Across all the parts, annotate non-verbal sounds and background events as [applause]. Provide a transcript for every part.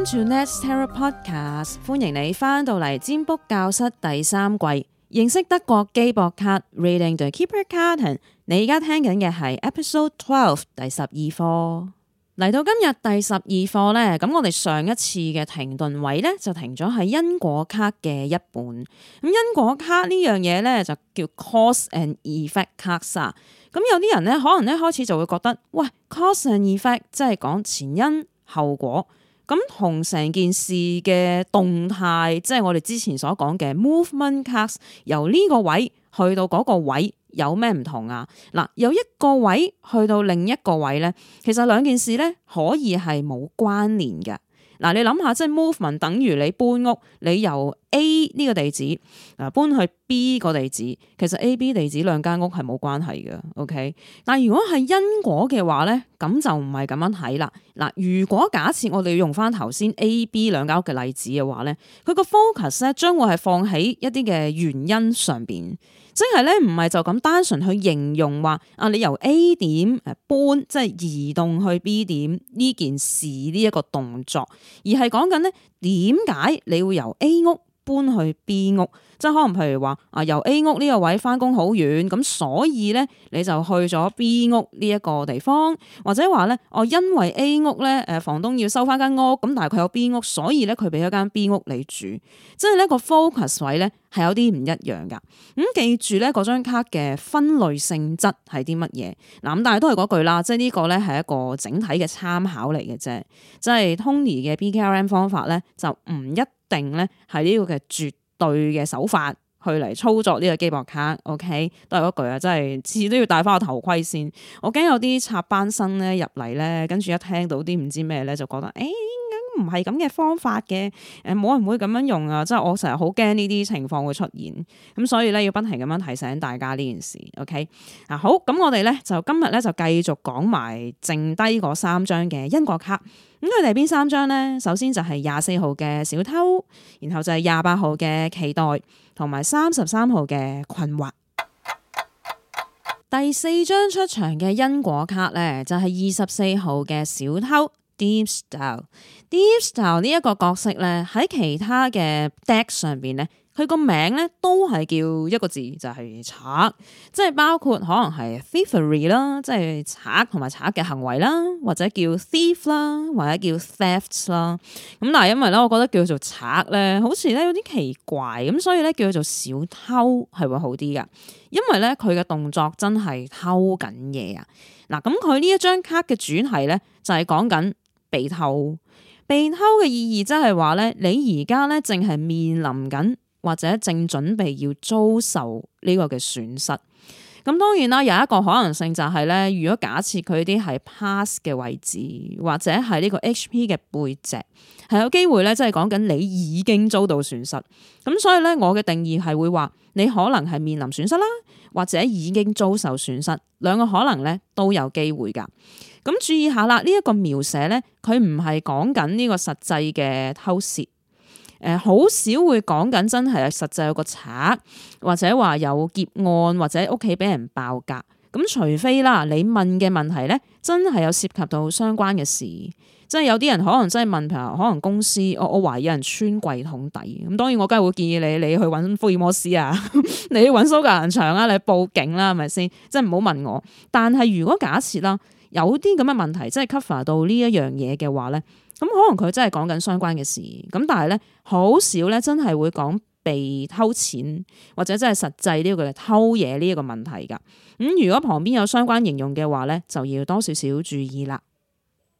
Net Terra Podcast，歡迎你翻到嚟占卜教室第三季，認識德國基博卡 Reading the keeper Carton。你而家聽緊嘅係 episode twelve 第十二課。嚟到今日第十二課呢，咁我哋上一次嘅停頓位呢，就停咗喺因果卡嘅一本，咁因果卡呢樣嘢呢，就叫 cause and effect 卡啊。咁有啲人呢，可能呢開始就會覺得喂，cause and effect 即係講前因後果。咁同成件事嘅動態，即係我哋之前所講嘅 movement cuts，由呢個位去到嗰個位有咩唔同啊？嗱，有一個位去到另一個位咧，其實兩件事咧可以係冇關聯嘅。嗱，你諗下，即係 movement 等於你搬屋，你由 A 呢個地址嗱搬去 B 個地址，其實 A、B 地址兩間屋係冇關係嘅，OK？但如果係因果嘅話咧，咁就唔係咁樣睇啦。嗱，如果假設我哋要用翻頭先 A、B 兩間屋嘅例子嘅話咧，佢個 focus 咧將會係放喺一啲嘅原因上邊。即係咧，唔係就咁單純去形容話，啊，你由 A 點誒搬，即係移動去 B 點呢件事呢一個動作，而係講緊咧，點解你會由 A 屋搬去 B 屋？即係可能，譬如話啊，由 A 屋呢個位翻工好遠，咁所以咧你就去咗 B 屋呢一個地方，或者話咧哦，因為 A 屋咧誒，房東要收翻間屋咁，但係佢有 B 屋，所以咧佢俾咗間 B 屋你住，即係呢個 focus 位咧係有啲唔一樣㗎。咁記住咧，嗰張卡嘅分類性質係啲乜嘢嗱？咁但係都係嗰句啦，即係呢個咧係一個整體嘅參考嚟嘅啫，即係 Tony 嘅 BKRM 方法咧就唔一定咧係呢個嘅絕對嘅手法去嚟操作呢個機博卡，OK，都係嗰句啊，真係次次都要戴返個頭盔先。我驚有啲插班生咧入嚟咧，跟住一聽到啲唔知咩咧，就覺得誒，欸唔係咁嘅方法嘅，誒，冇人會咁樣用啊！即係我成日好驚呢啲情況會出現，咁所以咧要不停咁樣提醒大家呢件事。OK，嗱，好，咁我哋咧就今日咧就繼續講埋剩低嗰三張嘅因果卡。咁佢哋係邊三張呢？首先就係廿四號嘅小偷，然後就係廿八號嘅期待，同埋三十三號嘅困惑。第四張出場嘅因果卡咧，就係二十四號嘅小偷。Deep style，Deep style 呢一個角色咧喺其他嘅 deck 上邊咧，佢個名咧都係叫一個字就係、是、賊，即係包括可能係 thievery 啦，即係賊同埋賊嘅行為啦，或者叫 thief 啦，或者叫 thefts 啦。咁但係因為咧，我覺得叫做賊咧，好似咧有啲奇怪，咁所以咧叫做小偷係會好啲噶，因為咧佢嘅動作真係偷緊嘢啊。嗱，咁佢呢一張卡嘅主題咧就係、是、講緊。被偷，被偷嘅意義即係話咧，你而家咧正係面臨緊或者正準備要遭受呢個嘅損失。咁當然啦，有一個可能性就係咧，如果假設佢啲係 pass 嘅位置或者係呢個 HP 嘅背脊，係有機會咧，即係講緊你已經遭到損失。咁所以咧，我嘅定義係會話你可能係面臨損失啦，或者已經遭受損失，兩個可能咧都有機會噶。咁注意下啦，呢、這、一個描寫咧，佢唔係講緊呢個實際嘅偷竊，誒、呃，好少會講緊真係啊，實際有個賊，或者話有劫案，或者屋企俾人爆格。咁除非啦，你問嘅問題咧，真係有涉及到相關嘅事，即係有啲人可能真係問，譬如可能公司，我我懷疑有人穿櫃桶底。咁當然，我梗係會建議你，你去揾福爾摩斯啊， [laughs] 你去揾蘇格蘭場啊，你報警啦、啊，係咪先？即係唔好問我。但係如果假設啦。有啲咁嘅問題，即係 cover 到呢一樣嘢嘅話咧，咁可能佢真係講緊相關嘅事。咁但係咧，好少咧真係會講被偷錢或者真係實際呢、這、一個偷嘢呢一個問題噶。咁、嗯、如果旁邊有相關形容嘅話咧，就要多少少注意啦。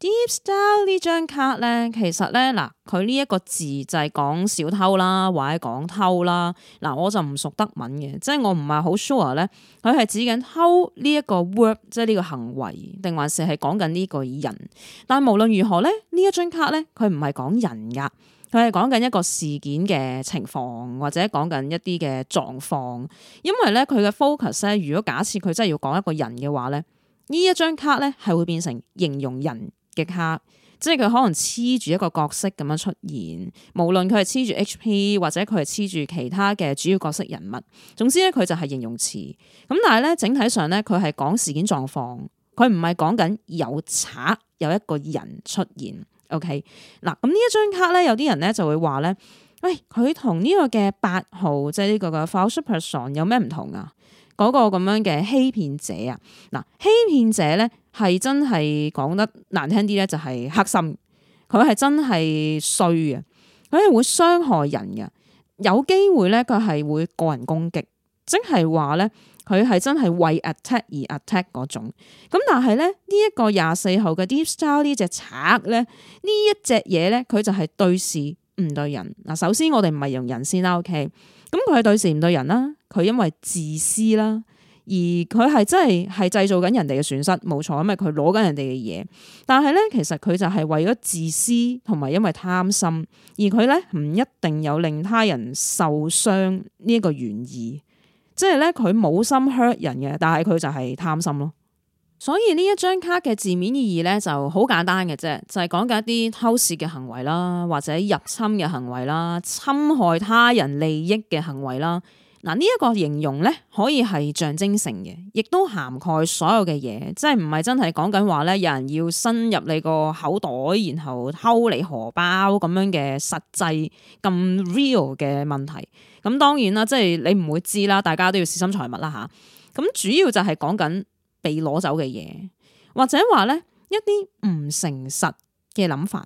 Deep style 呢張卡咧，其實咧嗱，佢呢一個字就係講小偷啦，或者講偷啦。嗱，我就唔熟德文嘅，即係我唔係好 sure 咧，佢係指緊偷呢一個 word，即係呢個行為，定還是係講緊呢個人？但係無論如何咧，呢一張卡咧，佢唔係講人㗎，佢係講緊一個事件嘅情況，或者講緊一啲嘅狀況。因為咧，佢嘅 focus 咧，如果假設佢真係要講一個人嘅話咧，呢一張卡咧係會變成形容人。極即係佢可能黐住一個角色咁樣出現，無論佢係黐住 H.P. 或者佢係黐住其他嘅主要角色人物，總之咧佢就係形容詞。咁但係咧整體上咧，佢係講事件狀況，佢唔係講緊有賊，有一個人出現。OK，嗱，咁呢一張卡咧，有啲人咧就會話咧，喂、哎，佢同呢個嘅八號，即係呢個嘅 False Person 有咩唔同啊？嗰、那個咁樣嘅欺騙者啊，嗱，欺騙者咧。係真係講得難聽啲咧，就係黑心，佢係真係衰啊！佢係會傷害人嘅，有機會咧佢係會個人攻擊，即係話咧佢係真係為 attack 而 attack 嗰種。咁但係咧呢、這個、Style，個一個廿四號嘅 Deep Star 呢隻賊咧呢一隻嘢咧，佢就係對事唔對人。嗱，首先我哋唔係用人先啦，OK？咁佢係對事唔對人啦，佢因為自私啦。而佢係真係係製造緊人哋嘅損失，冇錯，因為佢攞緊人哋嘅嘢。但係咧，其實佢就係為咗自私，同埋因為貪心。而佢咧唔一定有令他人受傷呢一個原意，即係咧佢冇心 hurt 人嘅，但係佢就係貪心咯。所以呢一張卡嘅字面意義咧就好簡單嘅啫，就係講緊一啲偷竊嘅行為啦，或者入侵嘅行為啦，侵害他人利益嘅行為啦。嗱，呢一個形容咧，可以係象徵性嘅，亦都涵蓋所有嘅嘢，即係唔係真係講緊話咧，有人要伸入你個口袋，然後偷你荷包咁樣嘅實際咁 real 嘅問題。咁當然啦，即係你唔會知啦，大家都要小心財物啦吓。咁主要就係講緊被攞走嘅嘢，或者話咧一啲唔誠實嘅諗法，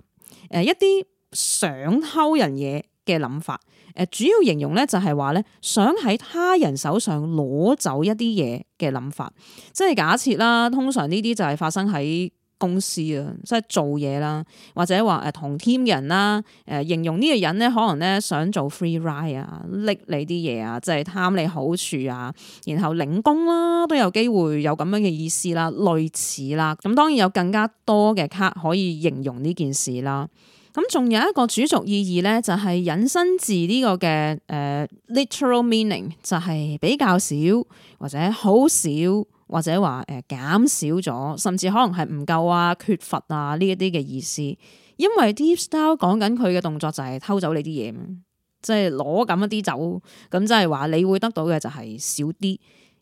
誒一啲想偷人嘢。嘅諗法，誒，主要形容咧就係話咧，想喺他人手上攞走一啲嘢嘅諗法，即係假設啦。通常呢啲就係發生喺公司啊，即係做嘢啦，或者話誒同 team 人啦，誒，形容呢個人咧，可能咧想做 free ride，拎你啲嘢啊，即係貪你好處啊，然後領工啦，都有機會有咁樣嘅意思啦，類似啦。咁當然有更加多嘅卡可以形容呢件事啦。咁仲有一個主軸意義咧，就係、是、引申自呢個嘅誒、uh, literal meaning，就係比較少或者好少或者話誒、呃、減少咗，甚至可能係唔夠啊、缺乏啊呢一啲嘅意思。因為 deep style 講緊佢嘅動作就係偷走你啲嘢，即係攞咁一啲走，咁即係話你會得到嘅就係少啲。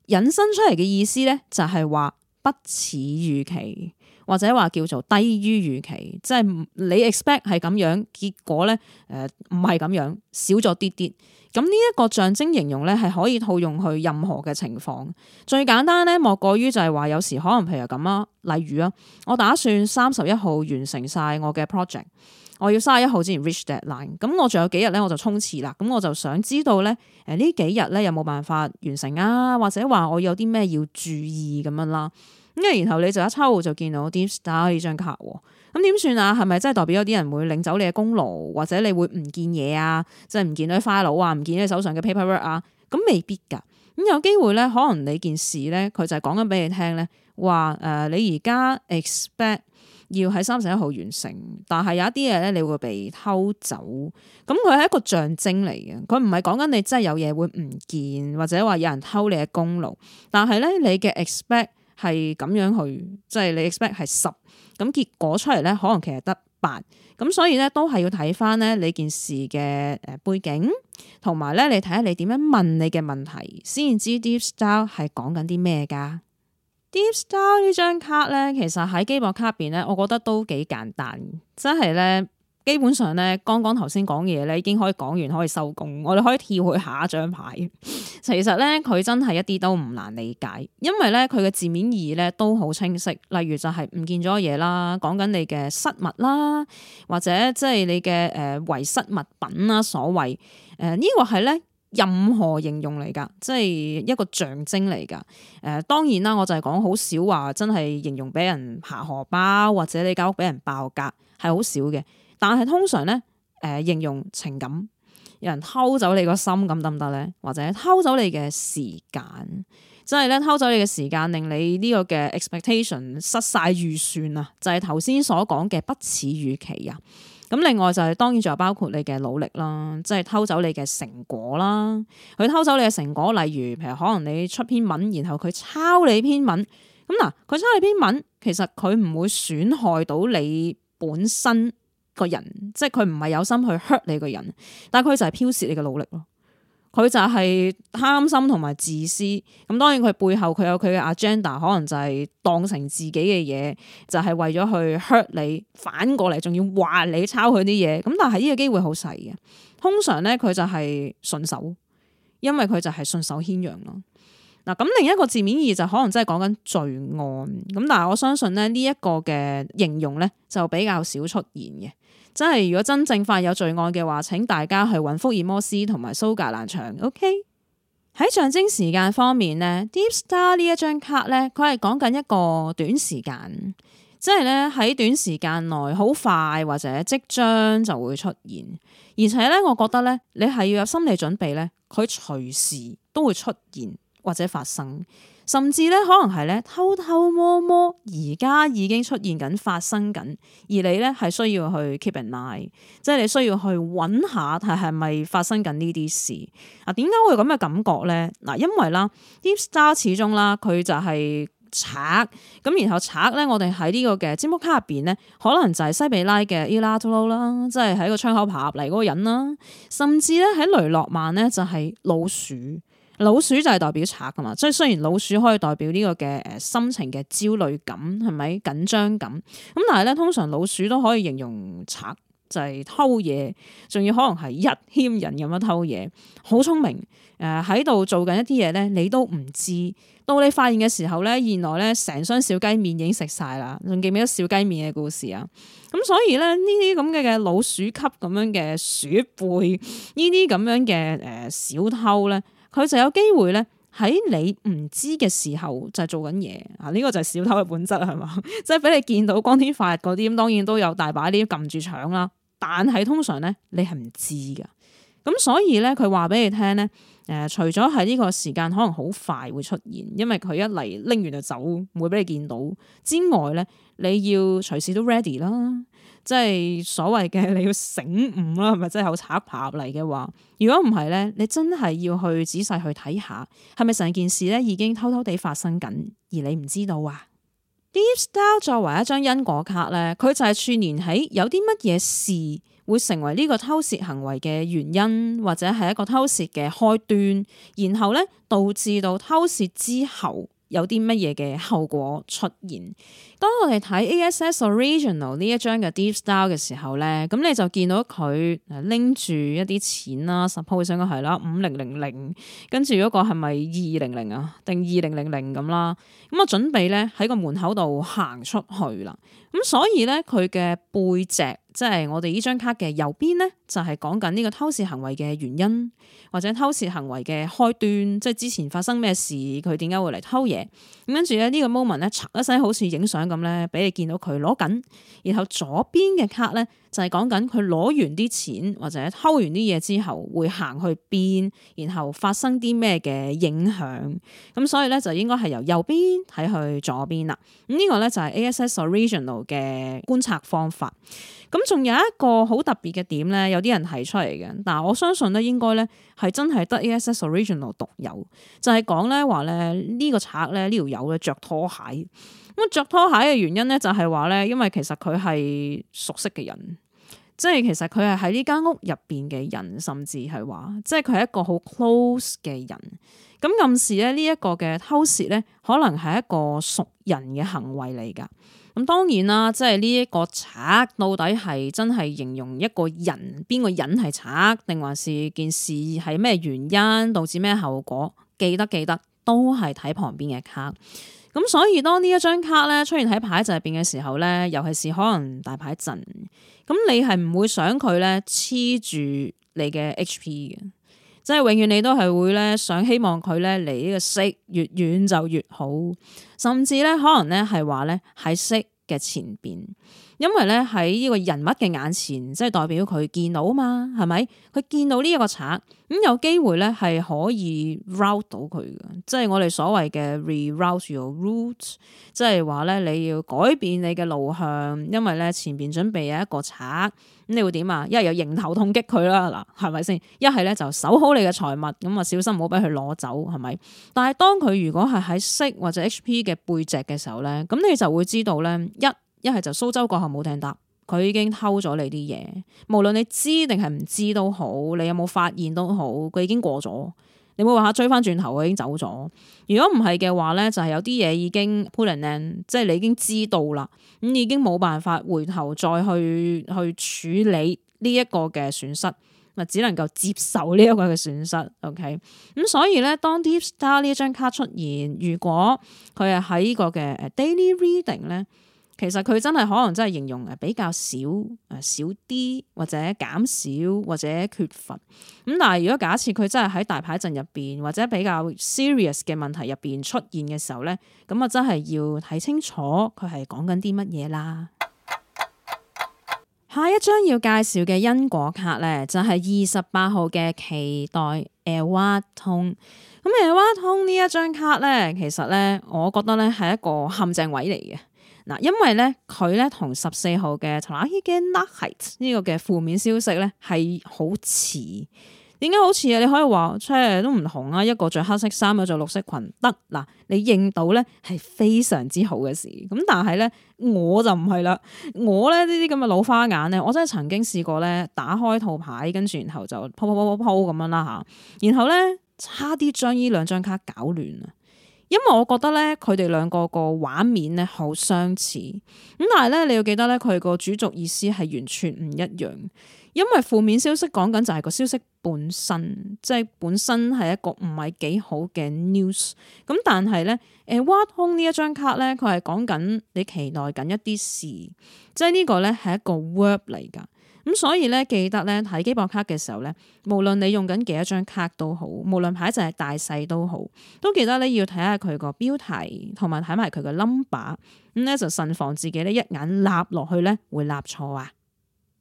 引申出嚟嘅意思咧，就係、是、話不似預期。或者話叫做低於預期，即係你 expect 係咁樣，結果咧誒唔係咁樣，少咗啲啲。咁呢一個象徵形容咧係可以套用去任何嘅情況。最簡單咧，莫過於就係話有時可能譬如咁啊，例如啊，我打算三十一號完成晒我嘅 project，我要三十一號之前 reach deadline。咁我仲有幾日咧，我就沖刺啦。咁我就想知道咧，誒、呃、呢幾日咧有冇辦法完成啊？或者話我有啲咩要注意咁樣啦？咁啊，然後你就一抽就見到 Deep 呢張卡，咁點算啊？係咪真係代表有啲人會領走你嘅功勞，或者你會唔見嘢啊？即係唔見啲 f i 花柳啊，唔見，見你手上嘅 paperwork 啊？咁未必噶。咁有機會咧，可能你件事咧，佢就係講緊俾你聽咧，話誒、呃，你而家 expect 要喺三十一號完成，但係有一啲嘢咧，你會被偷走。咁佢係一個象徵嚟嘅，佢唔係講緊你真係有嘢會唔見，或者話有人偷你嘅功勞，但係咧，你嘅 expect。係咁樣去，即係你 expect 係十，咁結果出嚟咧，可能其實得八，咁所以咧都係要睇翻咧你件事嘅誒背景，同埋咧你睇下你點樣問你嘅問題，先知 Deep Style 係講緊啲咩噶？Deep Style 呢張卡咧，其實喺基博卡邊咧，我覺得都幾簡單，真係咧。基本上咧，剛剛頭先講嘅嘢咧，已經可以講完，可以收工。我哋可以跳去下一張牌。 [laughs] 其實咧，佢真係一啲都唔難理解，因為咧佢嘅字面意義咧都好清晰。例如就係唔見咗嘢啦，講緊你嘅失物啦，或者即係你嘅誒遺失物品啦，所謂誒、呃這個、呢個係咧任何形容嚟㗎，即係一個象徵嚟㗎。誒、呃、當然啦，我就係講好少話真係形容俾人扒荷包，或者你間屋俾人爆格，係好少嘅。但係通常咧，誒、呃，形容情感，有人偷走你個心咁得唔得咧？或者偷走你嘅時間，即係咧偷走你嘅時間，令你呢個嘅 expectation 失晒預算啊！就係頭先所講嘅不似預期啊。咁另外就係、是、當然仲有包括你嘅努力啦，即係偷走你嘅成果啦。佢偷走你嘅成果，例如譬如可能你出篇文，然後佢抄你篇文。咁嗱，佢抄你篇文，其實佢唔會損害到你本身。個人即係佢唔係有心去 hurt 你個人，但係佢就係剽竊你嘅努力咯。佢就係貪心同埋自私。咁當然佢背後佢有佢嘅 agenda，可能就係當成自己嘅嘢，就係、是、為咗去 hurt 你，反過嚟仲要話你抄佢啲嘢。咁但係呢個機會好細嘅，通常呢，佢就係順手，因為佢就係順手牽羊咯。嗱，咁另一個字面意義就可能真係講緊罪案。咁但係我相信呢，呢一個嘅形容呢，就比較少出現嘅。真係如果真正快有罪案嘅話，請大家去揾福爾摩斯同埋蘇格蘭場。OK，喺象徵時間方面呢，Deep Star 呢一張卡呢，佢係講緊一個短時間，即係呢喺短時間內好快或者即將就會出現，而且呢，我覺得呢，你係要有心理準備呢，佢隨時都會出現。或者發生，甚至咧可能係咧偷偷摸摸，而家已經出現緊發生緊，而你咧係需要去 keep an eye，即係你需要去揾下睇係咪發生緊呢啲事。啊，點解會有咁嘅感覺咧？嗱、啊，因為啦啲 star 始終啦，佢就係賊，咁然後賊咧，我哋喺呢個嘅占卜卡入邊咧，可能就係西比拉嘅 elatlow 啦，即係喺個窗口爬入嚟嗰個人啦，甚至咧喺雷諾曼咧就係、是、老鼠。老鼠就係代表賊噶嘛，即係雖然老鼠可以代表呢個嘅誒心情嘅焦慮感係咪緊張感，咁但係咧通常老鼠都可以形容賊，就係偷嘢，仲要可能係一牽人咁樣偷嘢，好聰明，誒喺度做緊一啲嘢咧，你都唔知，到你發現嘅時候咧，原來咧成箱小雞麵已經食晒啦，仲記唔記得小雞麵嘅故事啊？咁所以咧呢啲咁嘅嘅老鼠級咁樣嘅鼠輩，呢啲咁樣嘅誒小偷咧。佢就有機會咧，喺你唔知嘅時候就做緊嘢啊！呢個就係小偷嘅本質係嘛，即係俾你見到光天化日嗰啲，當然都有大把呢啲撳住搶啦。但係通常咧，你係唔知噶，咁所以咧，佢話俾你聽咧，誒，除咗喺呢個時間可能好快會出現，因為佢一嚟拎完就走，唔會俾你見到之外咧，你要隨時都 ready 啦。即係所謂嘅你要醒悟啦，係咪真係好拆拍嚟嘅話。如果唔係咧，你真係要去仔細去睇下，係咪成件事咧已經偷偷地發生緊，而你唔知道啊？Deep Style 作為一張因果卡咧，佢就係串聯起有啲乜嘢事會成為呢個偷竊行為嘅原因，或者係一個偷竊嘅開端，然後咧導致到偷竊之後。有啲乜嘢嘅後果出現？當我哋睇 A S S Original 呢一張嘅 Deep Style 嘅時候呢，咁你就見到佢拎住一啲錢啦，應該係啦五零零零，跟住嗰個係咪二零零啊定二零零零咁啦？咁我準備呢喺個門口度行出去啦。咁所以呢，佢嘅背脊。即係我哋呢張卡嘅右邊咧，就係講緊呢個偷竊行為嘅原因或者偷竊行為嘅開端，即係之前發生咩事，佢點解會嚟偷嘢？咁跟住咧呢個 moment 咧，刷一聲好似影相咁咧，俾你見到佢攞緊，然後左邊嘅卡咧。就係講緊佢攞完啲錢或者偷完啲嘢之後，會行去邊，然後發生啲咩嘅影響。咁所以咧就應該係由右邊睇去左邊啦。咁、這、呢個咧就係 ASS original 嘅觀察方法。咁仲有一個好特別嘅點咧，有啲人提出嚟嘅。但係，我相信咧應該咧係真係得 ASS original 獨有，就係講咧話咧呢個賊咧呢條友咧著拖鞋。咁着拖鞋嘅原因咧就係話咧，因為其實佢係熟悉嘅人。即係其實佢係喺呢間屋入邊嘅人，甚至係話，即係佢係一個好 close 嘅人。咁暗示咧呢一個嘅偷竊咧，可能係一個熟人嘅行為嚟噶。咁當然啦，即係呢一個賊到底係真係形容一個人邊個人係賊，定還是件事係咩原因導致咩後果？記得記得都係睇旁邊嘅卡。咁所以當呢一張卡咧出現喺牌陣入邊嘅時候咧，尤其是可能大牌陣，咁你係唔會想佢咧黐住你嘅 HP 嘅，即係永遠你都係會咧想希望佢咧離呢個色越遠就越好，甚至咧可能咧係話咧喺色嘅前邊。因為咧喺呢個人物嘅眼前，即係代表佢見到啊嘛，係咪？佢見到呢一個賊，咁、嗯、有機會咧係可以 route 到佢嘅，即係我哋所謂嘅 re-route your route，即係話咧你要改變你嘅路向，因為咧前邊準備有一個賊，咁、嗯、你會點啊？一係有迎頭痛擊佢啦，嗱係咪先？一係咧就守好你嘅財物，咁啊小心唔好俾佢攞走，係咪？但係當佢如果係喺識或者 HP 嘅背脊嘅時候咧，咁你就會知道咧一。一係就蘇州過後冇艇搭，佢已經偷咗你啲嘢，無論你知定係唔知都好，你有冇發現都好，佢已經過咗。你冇話追翻轉頭，佢已經走咗。如果唔係嘅話咧，就係、是、有啲嘢已經 put an end 即係你已經知道啦，咁已經冇辦法回頭再去去處理呢一個嘅損失，咪只能夠接受呢一個嘅損失。OK，咁、嗯、所以咧，當 The Star 呢張卡出現，如果佢係喺個嘅 Daily Reading 咧。其實佢真係可能真係形容誒比較少、啊、少啲或者減少或者缺乏咁，但係如果假設佢真係喺大牌陣入邊或者比較 serious 嘅問題入邊出現嘅時候呢，咁啊真係要睇清楚佢係講緊啲乜嘢啦。 [noise] 下一張要介紹嘅因果卡呢，就係二十八號嘅期待誒挖通咁誒挖通呢一張卡呢，其實呢，我覺得呢係一個陷阱位嚟嘅。嗱，因為咧，佢咧同十四號嘅 Tracy 嘅 Not Hate 呢個嘅負面消息咧係好似。點解好似啊？你可以話，check 都唔同啦，一個着黑色衫，一個著綠色裙得嗱，你認到咧係非常之好嘅事。咁但係咧，我就唔係啦，我咧呢啲咁嘅老花眼咧，我真係曾經試過咧，打開套牌，跟住然後就 po po po 咁樣啦吓，然後咧差啲將呢兩張卡搞亂啊！因為我覺得咧，佢哋兩個個畫面咧好相似，咁但係咧，你要記得咧，佢個主軸意思係完全唔一樣。因為負面消息講緊就係個消息本身，即係本身係一個唔係幾好嘅 news。咁但係咧，誒、挖空呢一張卡咧，佢係講緊你期待緊一啲事，即係呢個咧係一個 work 嚟噶。咁、嗯、所以咧，記得咧睇機博卡嘅時候咧，無論你用緊幾多張卡都好，無論牌陣係大細都好，都記得咧要睇下佢個標題，同埋睇埋佢個 number。咁、嗯、咧就慎防自己咧一眼立落去咧會立錯啊。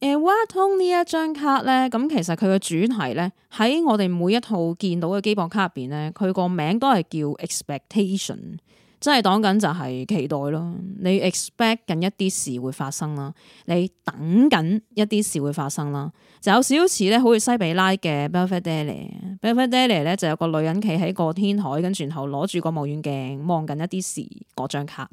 而 Whaton 呢一張卡咧，咁其實佢嘅主題咧喺我哋每一套見到嘅機博卡入邊咧，佢個名都係叫 Expectation。Ex 真係講緊就係期待咯，你 expect 緊一啲事會發生啦，你等緊一啲事會發生啦，就有少少似咧，好似西比拉嘅 Buffett Daily，Buffett Daily 咧就有個女人企喺個天台，跟住然後攞住個望遠鏡望緊一啲事，嗰張卡，咁、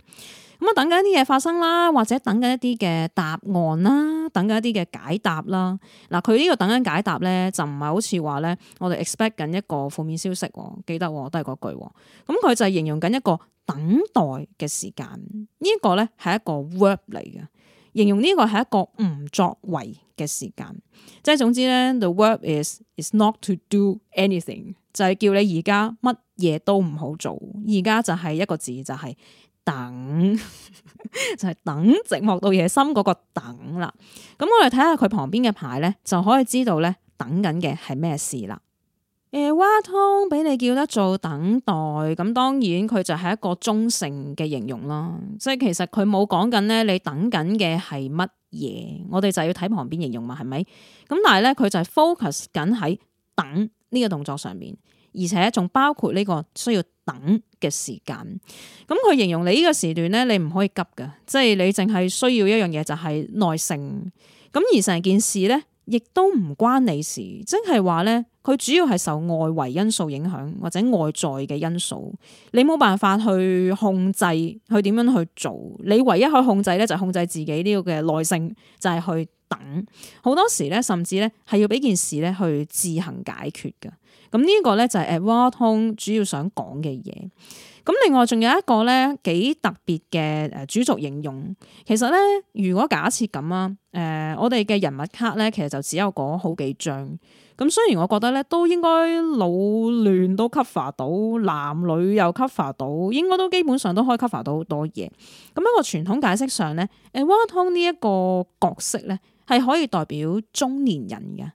嗯、啊等緊一啲嘢發生啦，或者等緊一啲嘅答案啦，等緊一啲嘅解答啦。嗱、嗯，佢呢個等緊解答咧就唔係好似話咧，我哋 expect 緊一個負面消息，記得、哦、都係嗰句，咁、嗯、佢就係形容緊一個。等待嘅時間，呢個咧係一個 verb 嚟嘅，形容呢個係一個唔作為嘅時間。即係總之咧，The verb is is not to do anything，就係叫你而家乜嘢都唔好做，而家就係一個字就係等， [laughs] 就係等寂寞到夜深嗰個等啦。咁我哋睇下佢旁邊嘅牌咧，就可以知道咧等緊嘅係咩事啦。誒 waiting 俾你叫得做等待，咁當然佢就係一個中性嘅形容啦。即係其實佢冇講緊咧，你等緊嘅係乜嘢？我哋就要睇旁邊形容嘛，係咪？咁但係咧，佢就係 focus 緊喺等呢個動作上面，而且仲包括呢個需要等嘅時間。咁佢形容你呢個時段咧，你唔可以急噶，即係你淨係需要一樣嘢就係、是、耐性。咁而成件事咧。亦都唔關你事，即係話咧，佢主要係受外圍因素影響或者外在嘅因素，你冇辦法去控制，去點樣去做，你唯一可以控制咧就係控制自己呢個嘅耐性，就係、是、去等。好多時咧，甚至咧係要俾件事咧去自行解決噶。咁、這、呢個咧就係誒沃通主要想講嘅嘢。咁另外仲有一個咧幾特別嘅誒，主族應用。其實咧如果假設咁啊，誒、呃、我哋嘅人物卡咧其實就只有嗰好幾張咁，雖然我覺得咧都應該老嫩都 cover 到，男女又 cover 到，應該都基本上都可以 cover 到好多嘢。咁、嗯、一個傳統解釋上咧，誒沃湯呢一個角色咧係可以代表中年人嘅。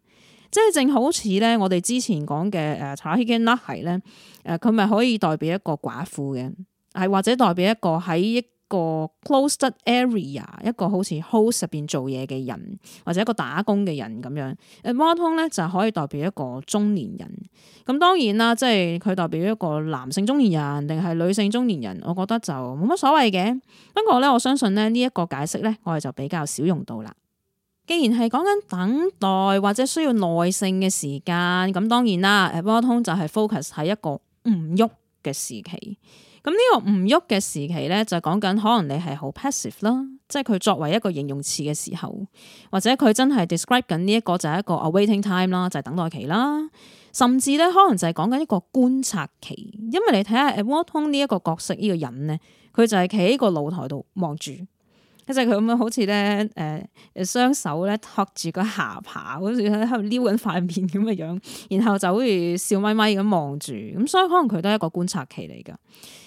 即係正好似咧，我哋之前講嘅誒，查希堅拉係咧，誒佢咪可以代表一個寡婦嘅，係或者代表一個喺一個 closed area，一個好似 host 入邊做嘢嘅人，或者一個打工嘅人咁樣。誒、啊，貓通咧就可以代表一個中年人。咁當然啦，即係佢代表一個男性中年人，定係女性中年人，我覺得就冇乜所謂嘅。不過咧，我相信咧呢一、呢個解釋咧，我哋就比較少用到啦。既然係講緊等待或者需要耐性嘅時間，咁當然啦，Edward Wong 就係 focus 喺一個唔喐嘅時期。咁呢個唔喐嘅時期咧，就講緊可能你係好 passive 啦，即係佢作為一個形容詞嘅時候，或者佢真係 describe 緊呢一個 time，就係一個 awaiting time 啦，就係等待期啦，甚至咧可能就係講緊一個觀察期，因為你睇下 Edward Wong 呢一個角色呢、呢個人咧，佢就係企喺個露台度望住。即係佢咁樣好似咧，誒，雙手咧，托住個下巴，好似喺度撩緊塊面咁嘅樣，然後就好似笑咪咪咁望住，咁所以可能佢都係一個觀察期嚟㗎。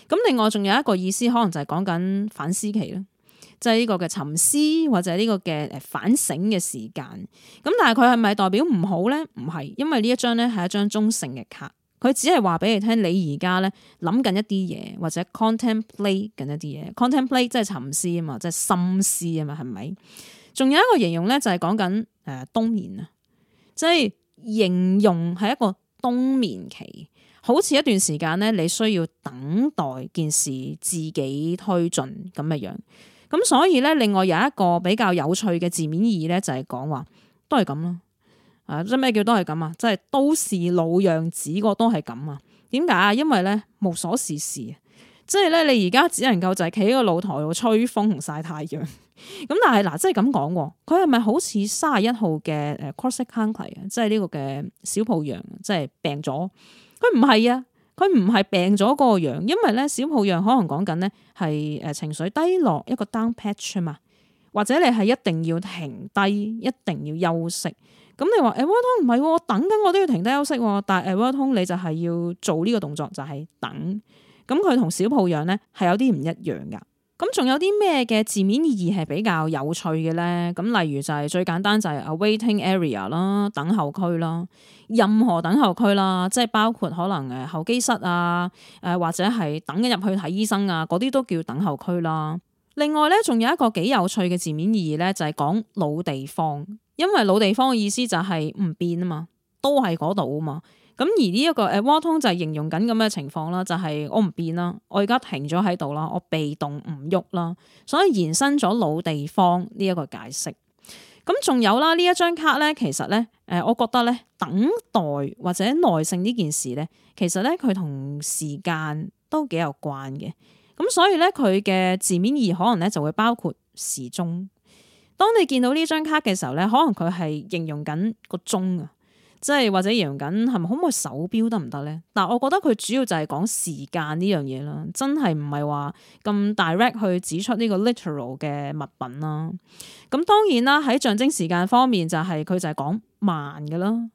咁另外仲有一個意思，可能就係講緊反思期囉，即係呢個嘅沉思或者呢個嘅誒反省嘅時間。咁但係佢係咪代表唔好咧？唔係，因為呢一張咧係一張中性嘅卡。佢只係話俾你聽，你而家咧，諗緊一啲嘢，或者 contemplate 緊一啲嘢。contemplate 即係沉思啊嘛，即係深思啊嘛，係咪？仲有一個形容咧，就係講緊誒冬眠啊，即係形容係一個冬眠期，好似一段時間咧，你需要等待件事自己推進咁嘅樣。咁所以咧，另外有一個比較有趣嘅字面意義咧，就係講話都係咁咯。啊！即咩叫都係咁啊，即係都市老樣子。個都係咁啊，點解啊？因為咧無所事事，即係咧你而家只能夠就係企喺個露台度吹風同曬太陽。咁 [laughs] 但係嗱、啊，即係咁講，佢係咪好似三十一號嘅誒？Crossing Country、啊、即係呢個嘅小抱羊，即係病咗佢唔係啊，佢唔係病咗個羊，因為咧小抱羊可能講緊咧係誒情緒低落一個 down patch 啊嘛，或者你係一定要停低，一定要休息。咁你話 a i r w a l o 唔係喎，欸、等緊我都要停低休息喎。但 a i r w a l o 你就係要做呢個動作，就係、是、等。咁佢同小抱樣呢，係有啲唔一樣噶。咁仲有啲咩嘅字面意義係比較有趣嘅呢？咁例如就係、是、最簡單就係 waiting area 啦，等候區啦，任何等候區啦，即係包括可能誒候機室啊，誒、呃、或者係等入去睇醫生啊，嗰啲都叫等候區啦。另外呢，仲有一個幾有趣嘅字面意義呢，就係、是、講老地方。因為老地方嘅意思就係唔變啊嘛，都係嗰度啊嘛。咁而呢一個誒窩通就係形容緊咁嘅情況啦，就係、是、我唔變啦，我而家停咗喺度啦，我被動唔喐啦，所以延伸咗老地方呢一個解釋。咁仲有啦，呢一張卡咧，其實咧，誒，我覺得咧，等待或者耐性呢件事咧，其實咧，佢同時間都幾有關嘅。咁所以咧，佢嘅字面義可能咧就會包括時鐘。當你見到呢張卡嘅時候咧，可能佢係形容緊個鐘啊，即係或者形容緊係咪可唔可以手錶得唔得咧？但係，我覺得佢主要就係講時間呢樣嘢啦，真係唔係話咁 direct 去指出呢個 literal 嘅物品啦。咁當然啦，喺象徵時間方面就係佢就係講慢㗎啦，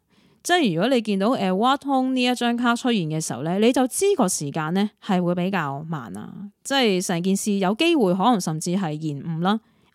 即係如果你見到誒 watching 呢一張卡出現嘅時候咧，你就知個時間咧係會比較慢啊，即係成件事有機會可能甚至係延誤啦。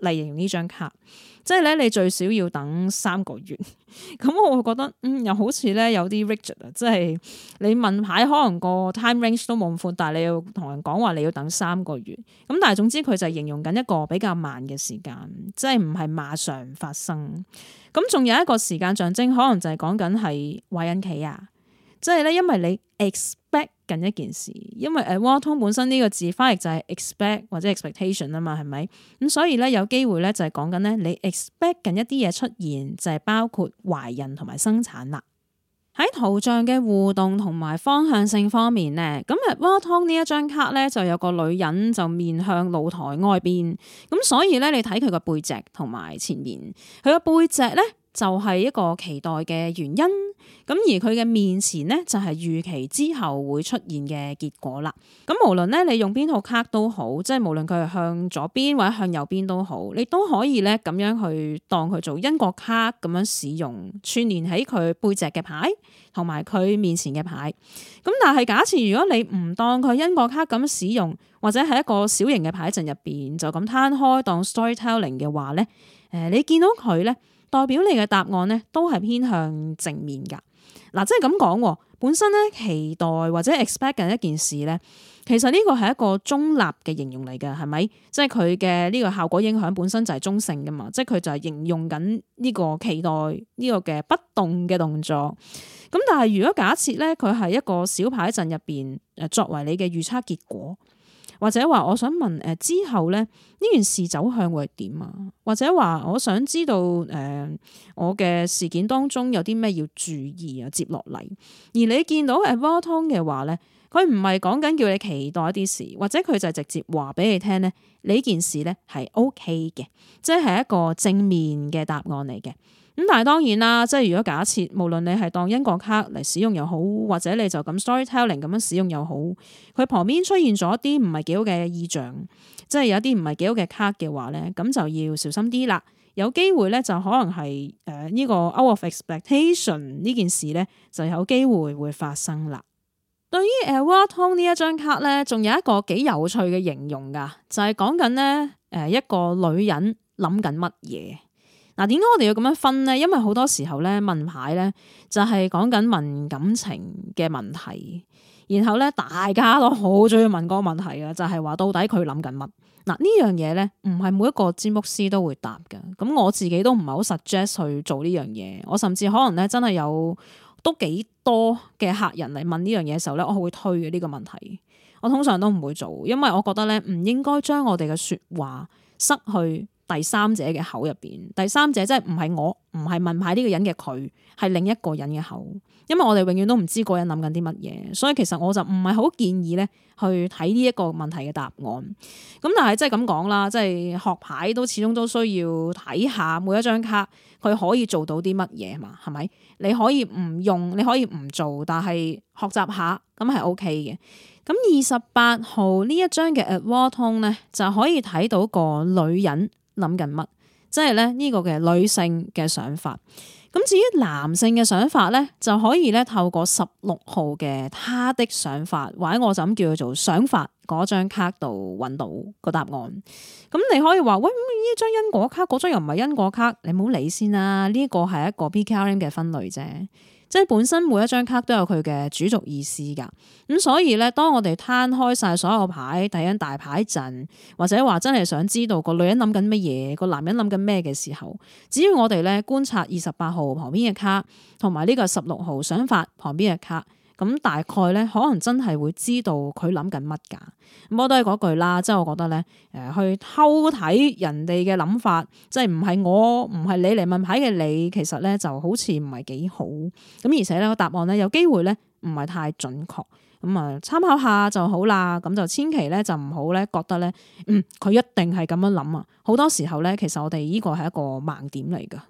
嚟形容呢張卡，即係咧你最少要等三個月，咁 [laughs] 我會覺得嗯又好似咧有啲 rigid 啊，即係你問牌可能個 time range 都冇咁闊，但係你要同人講話你要等三個月，咁但係總之佢就係形容緊一個比較慢嘅時間，即係唔係馬上發生。咁仲有一個時間象徵，可能就係講緊係懷孕期啊。即係咧，因為你 expect 緊一件事，因為誒，沃通本身呢個字翻譯就係 expect 或者 expectation 啊嘛，係咪？咁所以咧，有機會咧就係講緊咧，你 expect 緊一啲嘢出現，就係、是、包括懷孕同埋生產啦。喺圖像嘅互動同埋方向性方面咧，咁誒，沃通呢一張卡咧就有個女人就面向露台外邊，咁所以咧，你睇佢個背脊同埋前面，佢個背脊咧。就係一個期待嘅原因，咁而佢嘅面前呢，就係、是、預期之後會出現嘅結果啦。咁無論咧你用邊套卡都好，即係無論佢係向左邊或者向右邊都好，你都可以咧咁樣去當佢做因果卡咁樣使用，串聯喺佢背脊嘅牌同埋佢面前嘅牌。咁但係假設如果你唔當佢因果卡咁使用，或者係一個小型嘅牌陣入邊就咁攤開當 storytelling 嘅話咧，誒、呃、你見到佢咧，代表你嘅答案咧，都係偏向正面噶嗱，即係咁講本身咧，期待或者 expect 緊一件事咧，其實呢個係一個中立嘅形容嚟噶，係咪？即係佢嘅呢個效果影響本身就係中性噶嘛，即係佢就係形容緊呢個期待呢、呢個嘅不動嘅動作。咁但係如果假設咧，佢係一個小牌陣入邊作為你嘅預測結果。或者話我想問誒之後咧呢件事走向會係點啊？或者話我想知道誒、呃、我嘅事件當中有啲咩要注意啊？接落嚟，而你見到誒 w o 嘅話咧，佢唔係講緊叫你期待一啲事，或者佢就係直接話俾你聽咧，呢件事咧係 O K 嘅，即係一個正面嘅答案嚟嘅。咁但係當然啦，即係如果假設無論你係當英國卡嚟使用又好，或者你就咁 storytelling 咁樣 story 使用又好，佢旁邊出現咗一啲唔係幾好嘅意象，即係有一啲唔係幾好嘅卡嘅話咧，咁就要小心啲啦。有機會咧就可能係誒呢個 out of expectation 呢件事咧就有機會會發生啦。對於誒 Watson 呢一張卡咧，仲有一個幾有趣嘅形容噶，就係講緊呢誒、呃、一個女人諗緊乜嘢。嗱，點解我哋要咁樣分呢？因為好多時候咧，問牌咧就係講緊問感情嘅問題，然後咧大家都好中意問個問題嘅，就係話到底佢諗緊乜？嗱，呢樣嘢咧唔係每一個占卜師都會答嘅，咁我自己都唔係好 suggest 去做呢樣嘢。我甚至可能咧真係有都幾多嘅客人嚟問呢樣嘢嘅時候咧，我會推嘅呢個問題。我通常都唔會做，因為我覺得咧唔應該將我哋嘅說話失去。第三者嘅口入邊，第三者即係唔係我，唔係問牌呢個人嘅佢，係另一個人嘅口。因為我哋永遠都唔知嗰人諗緊啲乜嘢，所以其實我就唔係好建議咧去睇呢一個問題嘅答案。咁但係即係咁講啦，即係學牌都始終都需要睇下每一張卡佢可以做到啲乜嘢嘛？係咪？你可以唔用，你可以唔做，但係學習下咁係 OK 嘅。咁二十八號呢一張嘅 Edward 通，咧就可以睇到個女人諗緊乜？即係咧呢個嘅女性嘅想法。咁至於男性嘅想法咧，就可以咧透過十六號嘅他的想法，或者我就咁叫做想法嗰張卡度搵到個答案。咁你可以話喂，呢張因果卡，嗰張又唔係因果卡，你唔好理先啦、啊。呢個係一個 B K M 嘅分類啫。即係本身每一張卡都有佢嘅主軸意思噶，咁、嗯、所以咧，當我哋攤開晒所有牌，睇緊大牌陣，或者話真係想知道個女人諗緊乜嘢，個男人諗緊咩嘅時候，只要我哋咧觀察二十八號旁邊嘅卡，同埋呢個十六號想法旁邊嘅卡。咁大概咧，可能真係會知道佢諗緊乜噶。咁我都係嗰句啦，即係我覺得咧，誒、呃、去偷睇人哋嘅諗法，即係唔係我唔係你嚟問牌嘅你，其實咧就好似唔係幾好。咁而且咧個答案咧有機會咧唔係太準確。咁啊參考下就好啦。咁就千祈咧就唔好咧覺得咧，嗯，佢一定係咁樣諗啊。好多時候咧，其實我哋呢個係一個盲點嚟噶。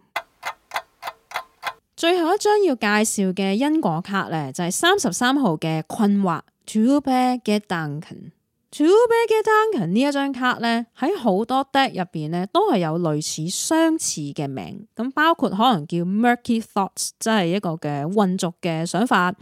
最後一張要介紹嘅因果卡咧，就係三十三號嘅困惑。Too bad, get dunked. Too bad, get dunked。呢一張卡咧，喺好多 deck 入邊咧，都係有類似相似嘅名。咁包括可能叫 Murky Thoughts，即係一個嘅渾濁嘅想法，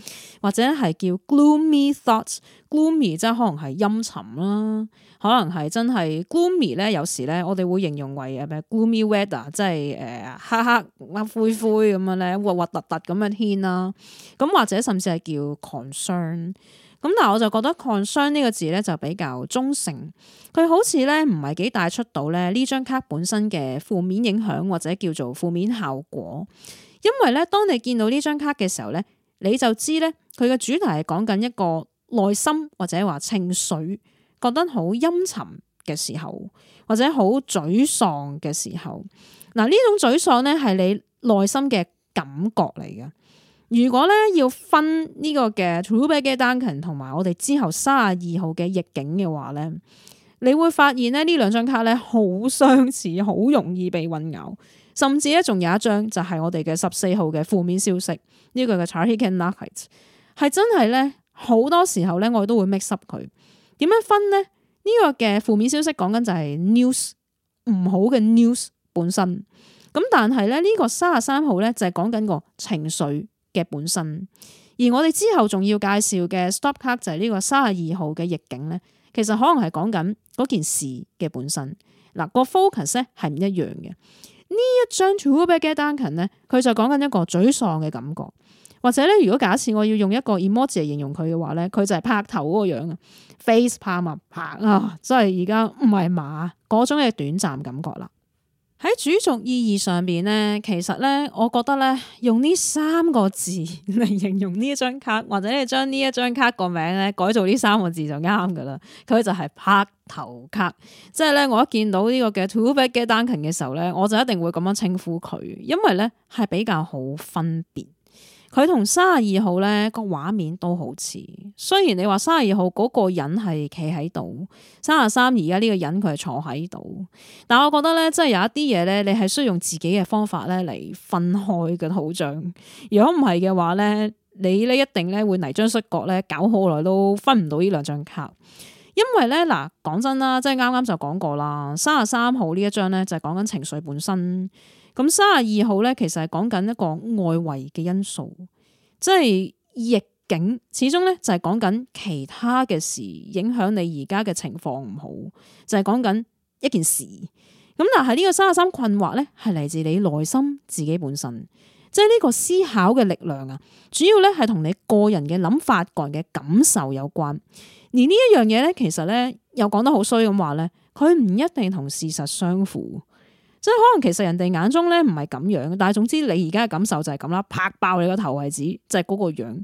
或者係叫 Gloomy Thoughts。gloomy 即係可能係陰沉啦，可能係真係 gloomy 咧。Glo 有時咧，我哋會形容為咩 gloomy weather 即係誒黑黑啊灰灰咁樣咧，鬱鬱突突咁嘅天啦。咁或者甚至係叫 concern。咁但係我就覺得 concern 呢個字咧就比較中性，佢好似咧唔係幾帶出到咧呢張卡本身嘅負面影響或者叫做負面效果。因為咧當你見到呢張卡嘅時候咧，你就知咧佢嘅主題係講緊一個。內心或者話情緒覺得好陰沉嘅時候，或者好沮喪嘅時候，嗱呢種沮喪咧係你內心嘅感覺嚟嘅。如果咧要分呢個嘅 True Black Dragon 同埋我哋之後卅二號嘅逆境嘅話咧，你會發現咧呢兩張卡咧好相似，好容易被混淆，甚至咧仲有一張就係、是、我哋嘅十四號嘅負面消息、這個、Night, 呢個嘅 Charity Can Light 係真係咧。好多時候咧，我哋都會 mix up 佢。點樣分呢？呢、呢個嘅負面消息講緊就係 news 唔好嘅 news 本身。咁但係咧呢個三十三號咧就係講緊個情緒嘅本身。而我哋之後仲要介紹嘅 stop card 就係呢個三十二號嘅逆境咧，其實可能係講緊嗰件事嘅本身。嗱、個 focus 咧係唔一樣嘅。呢一張 too bad get down 咧，佢就講緊一個沮喪嘅感覺。或者咧，如果假設我要用一個 emoji 嚟形容佢嘅話咧，佢就係拍頭嗰個樣啊，face Palmer, 拍啊拍啊，即係而家唔係馬嗰種嘅短暫感覺啦。喺主族意義上邊咧，其實咧，我覺得咧，用呢三個字嚟形容呢一張卡，或者你將呢一張卡個名咧改做呢三個字就啱噶啦。佢就係拍頭卡，即係咧，我一見到呢個嘅 Two by Get Duncan 嘅時候咧，我就一定會咁樣稱呼佢，因為咧係比較好分別。佢同三十二號咧個畫面都好似，雖然你話三十二號嗰個人係企喺度，三十三而家呢個人佢係坐喺度，但係我覺得咧，即係有一啲嘢咧，你係需要用自己嘅方法咧嚟分開嘅好像。如果唔係嘅話咧，你呢一定咧會泥漿摔角咧，搞好耐都分唔到呢兩張卡。因為咧嗱，講真啦，即係啱啱就講過啦，三十三號呢一張咧就係講緊情緒本身。咁三十二號咧，其實係講緊一個外圍嘅因素，即係逆境，始終咧就係講緊其他嘅事影響你而家嘅情況唔好，就係講緊一件事。咁但係呢個三十三困惑咧，係嚟自你內心自己本身，即係呢個思考嘅力量啊，主要咧係同你個人嘅諗法、個人嘅感受有關。而呢一樣嘢咧，其實咧又講得好衰咁話咧，佢唔一定同事實相符。即係可能其實人哋眼中咧唔係咁樣，但係總之你而家嘅感受就係咁啦，拍爆你個頭為止，就係嗰個樣。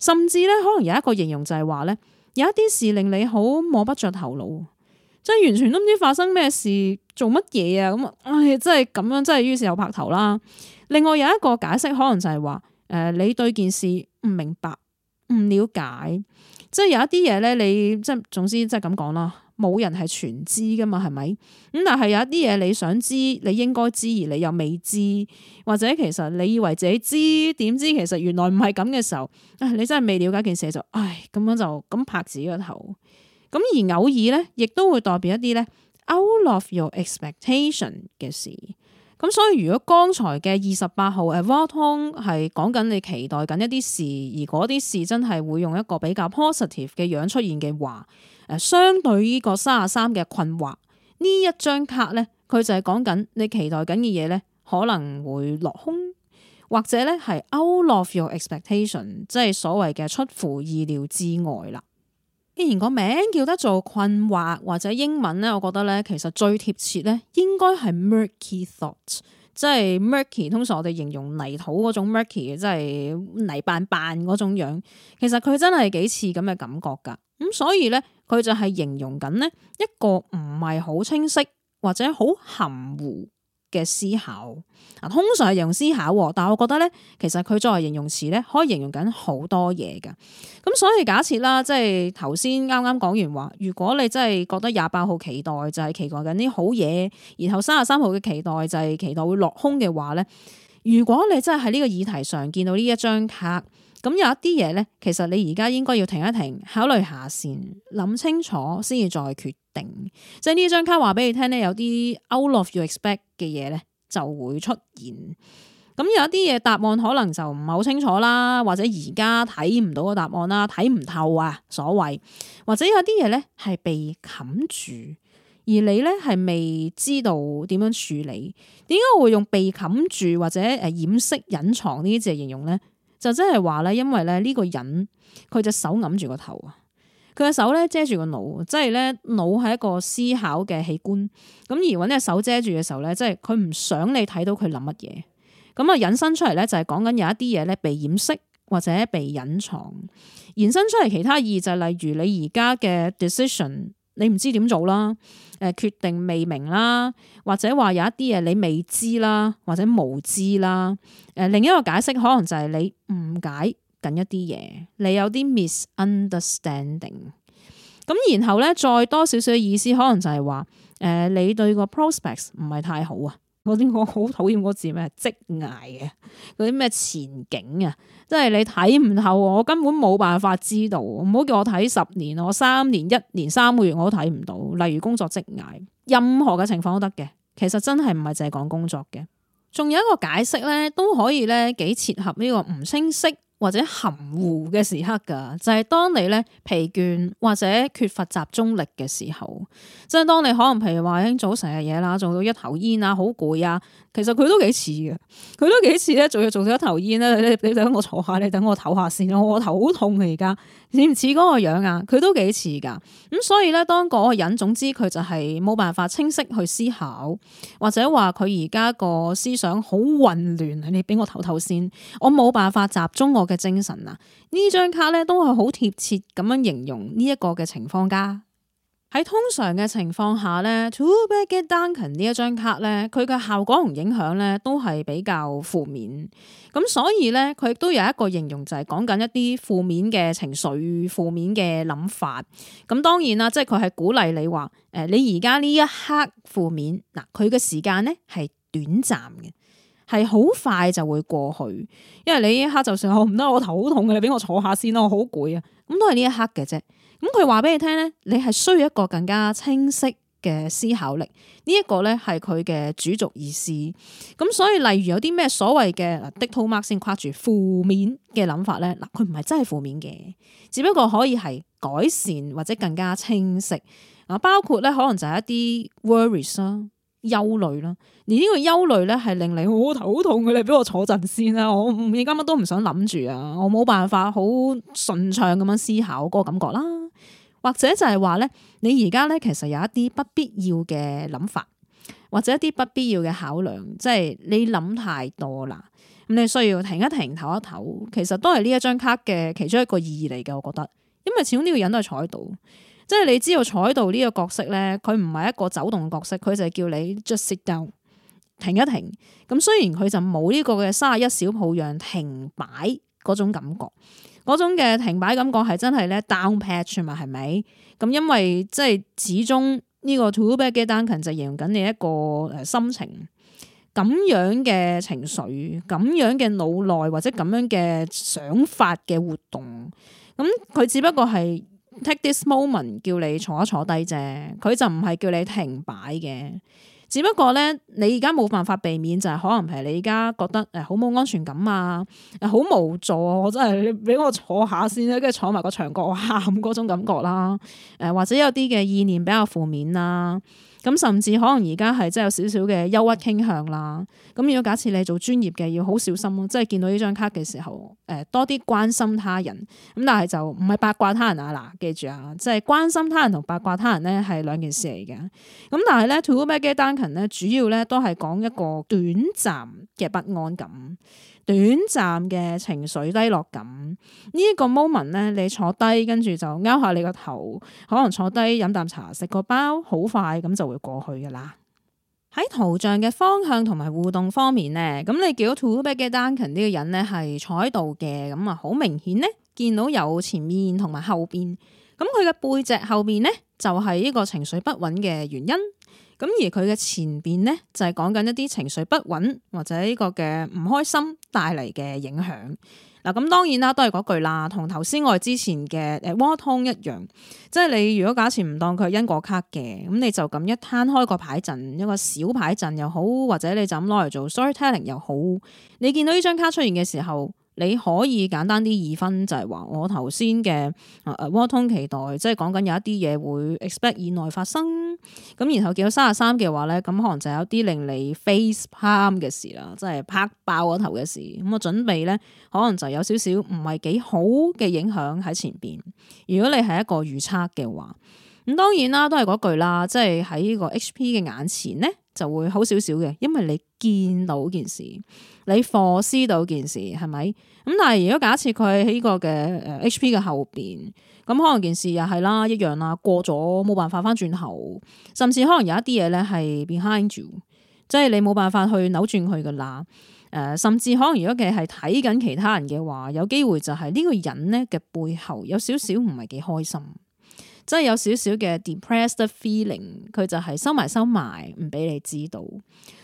甚至咧，可能有一個形容就係話咧，有一啲事令你好摸不着頭腦，即係完全都唔知發生咩事，做乜嘢啊咁，唉，真係咁樣，真係於是又拍頭啦。另外有一個解釋可能就係話，誒、呃，你對件事唔明白、唔了解，即係有一啲嘢咧，你即係總之即係咁講啦。冇人係全知噶嘛，係咪？咁、嗯、但係有一啲嘢你想知，你應該知而你又未知，或者其實你以為自己知，點知其實原來唔係咁嘅時候，啊！你真係未了解件事就，唉，咁樣就咁拍自己個頭。咁而偶爾呢，亦都會代表一啲呢 out of your expectation 嘅事。咁、嗯、所以如果剛才嘅二十八號，誒 Watson 係講緊你期待緊一啲事，而嗰啲事真係會用一個比較 positive 嘅樣出現嘅話。相對於個三啊三嘅困惑，呢一張卡呢，佢就係講緊你期待緊嘅嘢呢，可能會落空，或者呢係 out of your expectation，即係所謂嘅出乎意料之外啦。既然個名叫得做困惑，或者英文呢，我覺得呢，其實最貼切呢應該係 murky thoughts，即係 murky。通常我哋形容泥土嗰種 murky，即係泥瓣瓣嗰種樣，其實佢真係幾似咁嘅感覺噶。咁所以呢。佢就係形容緊咧一個唔係好清晰或者好含糊嘅思考，啊，通常係形容思考，但係我覺得咧，其實佢作為形容詞咧，可以形容緊好多嘢噶。咁所以假設啦，即係頭先啱啱講完，就是就是，話，如果你真係覺得廿八號期待就係期待緊啲好嘢，然後三十三號嘅期待就係期待會落空嘅話咧，如果你真係喺呢個議題上見到呢一張卡，咁有一啲嘢咧，其實你而家應該要停一停，考慮下先，諗清楚先至再決定。即係呢張卡話俾你聽咧，有啲 out of your expect 嘅嘢咧就會出現。咁有一啲嘢答案可能就唔係好清楚啦，或者而家睇唔到個答案啦，睇唔透啊，所謂或者有啲嘢咧係被冚住，而你咧係未知道點樣處理。點解我會用被冚住或者誒掩飾、隱藏呢啲字形容咧？就真係話咧，因為咧呢個人佢隻手揞住個頭啊，佢隻手咧遮住個腦，即係咧腦係一個思考嘅器官，咁而搵隻手遮住嘅時候咧，即係佢唔想你睇到佢諗乜嘢，咁啊引申出嚟咧就係講緊有一啲嘢咧被掩飾或者被隱藏，延伸出嚟其他意義就係例如你而家嘅 decision，你唔知點做啦。誒、呃，決定未明啦，或者話有一啲嘢你未知啦，或者無知啦。誒、呃，另一個解釋可能就係你誤解緊一啲嘢，你有啲 misunderstanding。咁、嗯、然後咧，再多少少嘅意思，可能就係話，誒、呃，你對個 prospects 唔係太好啊。我點講好討厭嗰字，咩？職涯啊，嗰啲咩前景啊，即係你睇唔透，我根本冇辦法知道。唔好叫我睇十年，我三年、一年、三個月我都睇唔到。例如工作職涯，任何嘅情況都得嘅。其實真係唔係淨係講工作嘅，仲有一個解釋咧，都可以咧幾切合呢個唔清晰，或者含糊嘅時刻噶，就係、是、當你咧疲倦或者缺乏集中力嘅時候，即係當你可能譬如話已經做成日嘢啦，做到一頭煙啊，好攰啊。其實佢都幾似嘅，佢都幾似咧，仲要做咗一頭煙咧。你等我坐下，你等我唞下先咯。我頭好痛啊，而家似唔似嗰個樣啊？佢都幾似噶。咁所以咧，當嗰個人，總之佢就係冇辦法清晰去思考，或者話佢而家個思想好混亂。你俾我唞唞先，我冇辦法集中我嘅精神啊。呢張卡咧都係好貼切咁樣形容呢一個嘅情況噶。喺通常嘅情況下咧 Two Bad Get Dunkin 呢一張卡咧，佢嘅效果同影響咧都係比較負面，咁所以咧，佢亦都有一個形容，就係講緊一啲負面嘅情緒、負面嘅諗法，咁當然啦，即係佢係鼓勵你話，誒你而家呢一刻負面嗱，佢嘅時間咧係短暫嘅。係好快就會過去，因為你呢一刻就算，我唔得，我頭好痛嘅，你俾我坐下先咯，我好攰啊。咁都係呢一刻嘅啫。咁佢話俾你聽咧，你係需要一個更加清晰嘅思考力，呢一個咧係佢嘅主軸意思。咁所以例如有啲咩所謂嘅嗱的 to mark [noise] 先跨住負面嘅諗法咧，嗱佢唔係真係負面嘅，只不過可以係改善或者更加清晰。啊，包括咧可能就係一啲 worries 咯。憂慮啦，而呢個憂慮咧係令你好頭痛嘅。你俾我坐陣先啦，我而家乜都唔想諗住啊，我冇辦法好順暢咁樣思考嗰個感覺啦。或者就係話咧，你而家咧其實有一啲不必要嘅諗法，或者一啲不必要嘅考量，即係你諗太多啦。咁你需要停一停，唞一唞。其實都係呢一張卡嘅其中一個意義嚟嘅，我覺得。因為始終呢個人都係坐喺度。即係你知道坐喺度呢個角色咧，佢唔係一個走動嘅角色，佢就係叫你 just sit down，停一停。咁雖然佢就冇呢個嘅卅一小抱樣停擺嗰種感覺，嗰種嘅停擺感覺係真係咧 down patch 嘛，係咪？咁因為即係始終呢個 two back 嘅 down 就形容緊你一個誒心情，咁樣嘅情緒，咁樣嘅腦內或者咁樣嘅想法嘅活動，咁佢只不過係。Take this moment 叫你坐一坐低啫，佢就唔係叫你停擺嘅，只不過咧你而家冇辦法避免就係、是、可能係你而家覺得誒好冇安全感啊，好、呃、無助啊，我真係俾我坐下先啦，跟住坐埋個牆角我喊嗰種感覺啦，誒、呃、或者有啲嘅意念比較負面啦。呃咁甚至可能而家係真有少少嘅憂鬱傾向啦。咁如果假設你做專業嘅，要好小心咯。即係見到呢張卡嘅時候，誒、呃、多啲關心他人。咁但係就唔係八卦他人啊嗱，記住啊，即、就、係、是、關心他人同八卦他人咧係兩件事嚟嘅。咁但係咧，two magic diamond 咧主要咧都係講一個短暫嘅不安感。短暫嘅情緒低落感，呢一個 moment 咧，你坐低跟住就勾下你個頭，可能坐低飲啖茶、食個包，好快咁就會過去噶啦。喺圖像嘅方向同埋互動方面咧，咁你見到 two big 嘅 Duncan 呢個人咧係坐喺度嘅，咁啊好明顯咧見到有前面同埋後邊，咁佢嘅背脊後面咧就係呢個情緒不穩嘅原因，咁而佢嘅前邊咧就係講緊一啲情緒不穩或者呢個嘅唔開心。帶嚟嘅影響嗱，咁當然啦，都係嗰句啦，同頭先我之前嘅誒湯一樣，即係你如果假設唔當佢係因果卡嘅，咁你就咁一攤開一個牌陣，一個小牌陣又好，或者你就咁攞嚟做 storytelling 又好，你見到呢張卡出現嘅時候。你可以簡單啲二分，就係、是、話我頭先嘅啊通期待，即係講緊有一啲嘢會 expect 意外發生。咁然後見到三十三嘅話咧，咁可能就有啲令你 face palm 嘅事啦，即係拍爆嗰頭嘅事。咁啊，準備咧，可能就有少少唔係幾好嘅影響喺前邊。如果你係一個預測嘅話，咁當然啦，都係嗰句啦，即係喺呢個 HP 嘅眼前咧。就會好少少嘅，因為你見到件事，你 foresight 到件事係咪？咁但係如果假設佢喺呢個嘅誒 HP 嘅後邊，咁可能件事又係啦一樣啦，過咗冇辦法翻轉頭，甚至可能有一啲嘢咧係 behind you，即係你冇辦法去扭轉佢嘅啦。誒、呃，甚至可能如果佢係睇緊其他人嘅話，有機會就係呢個人呢嘅背後有少少唔係幾開心。真係有少少嘅 depressed feeling，佢就係收埋收埋，唔俾你知道。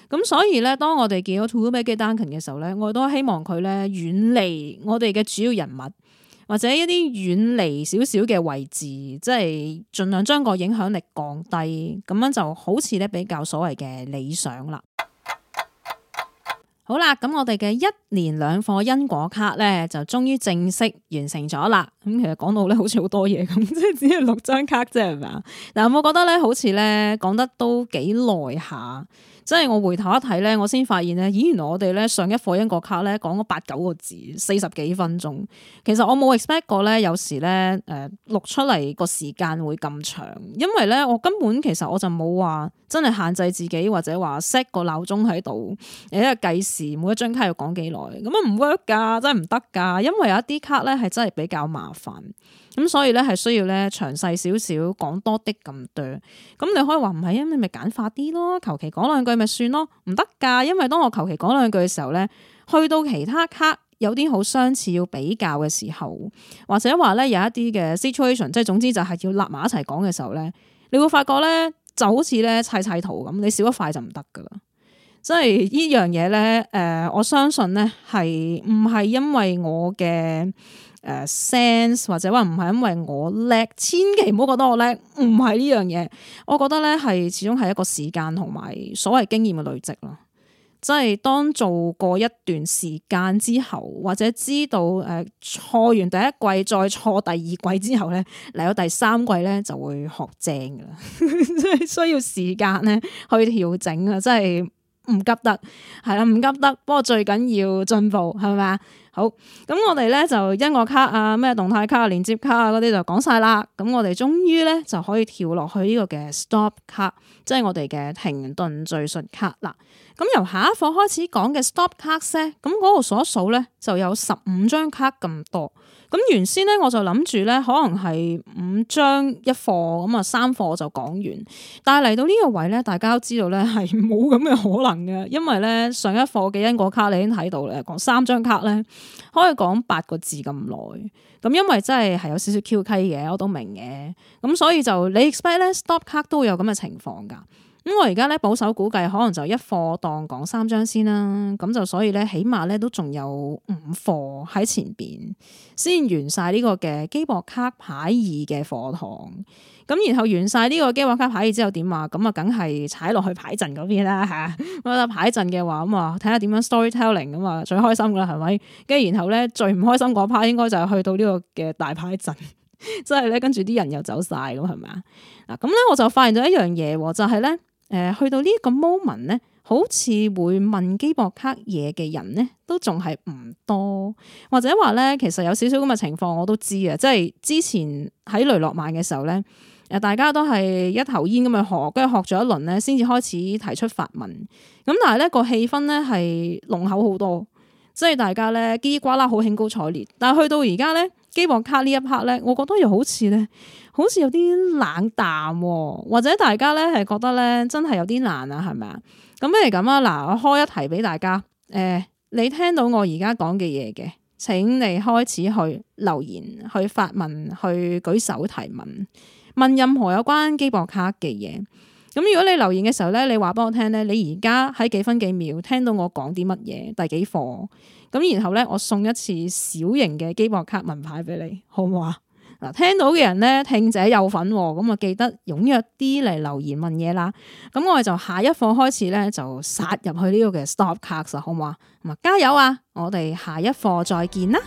咁所以咧，當我哋見到 Two-Meggie Duncan 嘅時候咧，我都希望佢咧遠離我哋嘅主要人物，或者一啲遠離少少嘅位置，即係盡量將個影響力降低。咁樣就好似咧比較所謂嘅理想啦。好啦，咁我哋嘅一年兩課因果卡咧，就終於正式完成咗啦。咁、嗯、其實講到咧，好似好多嘢咁，即係只係六張卡啫，係咪啊？嗱，我覺得咧，好似咧講得都幾耐下。即係我回頭一睇咧，我先發現咧，咦，原來我哋咧上一課英國卡咧講咗八九個字，四十幾分鐘。其實我冇 expect 過咧，有時咧，誒，錄出嚟個時間會咁長，因為咧我根本其實我就冇話真係限制自己，或者話 set 個鬧鐘喺度，誒計時每一張卡要講幾耐，咁啊唔 work 噶，真係唔得噶，因為有一啲卡咧係真係比較麻煩。咁所以咧係需要咧詳細少少講多啲咁對，咁你可以話唔係，因為你咪簡化啲咯，求其講兩句咪算咯，唔得噶，因為當我求其講兩句嘅時候咧，去到其他卡有啲好相似要比較嘅時候，或者話咧有一啲嘅 situation，即係總之就係要立埋一齊講嘅時候咧，你會發覺咧就好似咧砌砌圖咁，你少一塊就唔得噶啦，即係呢樣嘢咧，誒、呃，我相信咧係唔係因為我嘅。誒、uh,，sense 或者話唔係因為我叻，千祈唔好覺得我叻，唔係呢樣嘢。我覺得咧係始終係一個時間同埋所謂經驗嘅累積咯。即係當做過一段時間之後，或者知道誒錯、呃、完第一季再錯第二季之後咧，嚟到第三季咧就會學正噶啦，即 [laughs] 係需要時間咧去調整啊，即係唔急得係啦，唔急得。不過最緊要進步係咪啊？好，咁我哋咧就因果卡啊，咩動態卡、啊、連接卡啊嗰啲就講晒啦。咁我哋終於咧就可以跳落去呢個嘅 stop 卡，即係我哋嘅停頓敘述卡啦。咁由下一課開始講嘅 stop 卡 set 咁嗰度數一數咧就有十五張卡咁多。咁原先咧我就諗住咧可能係五張一課，咁啊三課就講完。但係嚟到呢個位咧，大家都知道咧係冇咁嘅可能嘅，因為咧上一課嘅因果卡你已經睇到咧，講三張卡咧，可以講八個字咁耐，咁因為真係係有少少蹺蹊嘅，我都明嘅，咁所以就你 expect 咧 stop 卡都會有咁嘅情況噶，咁我而家咧保守估計可能就一課當講三張先啦，咁就所以咧起碼咧都仲有五課喺前邊先完晒呢個嘅基博卡牌二嘅課堂。咁然後完晒呢個機博卡牌之後點啊？咁啊梗係踩落去牌陣嗰邊啦吓。咁啊牌陣嘅話，咁啊睇下點樣 storytelling 咁啊最開心噶啦，係咪？跟住然後咧最唔開心嗰 part 應該就係去到呢個嘅大牌陣，即係咧跟住啲人又走晒咁係咪啊？嗱咁咧我就發現咗一樣嘢，就係咧誒去到呢一個 moment 咧，好似會問機博卡嘢嘅人咧都仲係唔多，或者話咧其實有少少咁嘅情況我都知啊，即係之前喺雷諾曼嘅時候咧。大家都係一頭煙咁樣學，跟住學咗一輪咧，先至開始提出發問。咁，但係咧個氣氛咧係濃厚好多，即係大家咧，嘰嘰呱啦，好興高采烈。但係去到而家咧，希望卡呢一刻咧，我覺得又好似咧，好似有啲冷淡，或者大家咧係覺得咧真係有啲難啊，係咪啊？咁不如咁啊？嗱，我開一題俾大家。誒、呃，你聽到我而家講嘅嘢嘅，請你開始去留言、去發問、去舉手提問。問任何有關機博卡嘅嘢，咁如果你留言嘅時候咧，你話幫我聽咧，你而家喺幾分幾秒聽到我講啲乜嘢，第幾課，咁然後咧我送一次小型嘅機博卡文牌俾你，好唔好啊？嗱，聽到嘅人咧，聽者有份哦，咁啊記得踴躍啲嚟留言問嘢啦。咁我哋就下一課開始咧就殺入去呢個嘅 stop cards，好唔好啊？加油啊！我哋下一課再見啦。